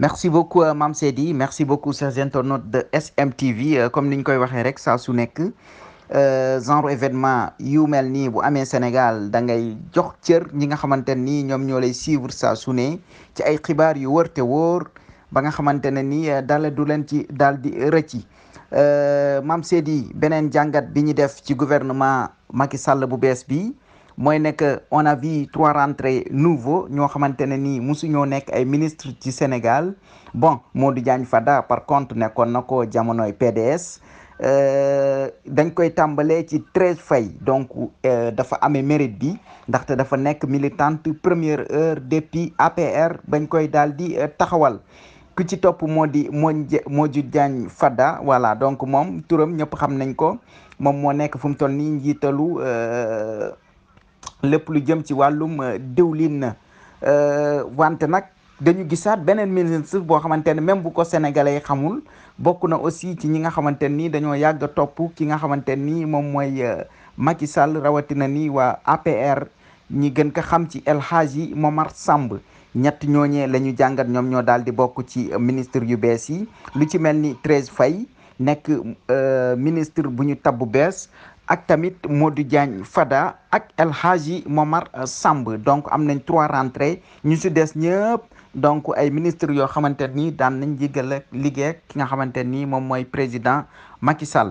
merci beaucoup euh, Mame Seydi merci beaucoup chers internautes de SMTV euh, comme ni ñu koy waxee rek saa su nekk euh, genre événement yu mel nii bu amee Sénégal da ngay jox cër ñi nga xamante nii ñoom ñoo lay suivre saa su ne ci ay xibaar yu wër te wóor ba nga xamante ne ni dala du leen ci daal di rëcci Mame Seydi beneen jàngat bi ñu def ci gouvernement Macky Sall bu bees bi mooy nekk on a trois rentrées nouveaux ñoo xamante ne nii musuñoo nekk ay ministre ci Sénégal bon Modou Diagne Fada par contre nekkoon na ko jamonoy PDS euh, dañ koy tàmbalee ci Thérèse fay donc euh, dafa amee mérite bi ndaxte dafa nekk militante première heure depuis APR bañ koy daal di euh, taxawal ku ci topp moo di Modou Diagne Fada wala donc moom turam ñëpp xam nañ ko moom moo nekk fu mu toll nii njiitalu lépp lu jëm ci wàllum euh, diwlin euh, wante nag dañu gisaat beneen ministre boo xamante ne même bu ko sénégalais yi xamul bokk na aussi ci ñi nga xamante ni dañoo yàgg a topp ki nga xamante ni moom mooy euh, Macky Sall rawatina ni waa APR ñi gën ko xam ci El moom mar Samb ñett ñooñee la ñu jàngat ñoom ñoo daal di bokk ci ministre yu bees yi lu ci mel ni Thérèse fay nekk ministre bu ñu tabb bees ak tamit Modou Diagne Fada ak El Hadji Momar Samb donc am nañ trois rentrées ñu si des ñëpp donc ay ministres yoo xamante ni daan nañ jigal liggéey ki nga xamante ni moom mooy président Macky Sall.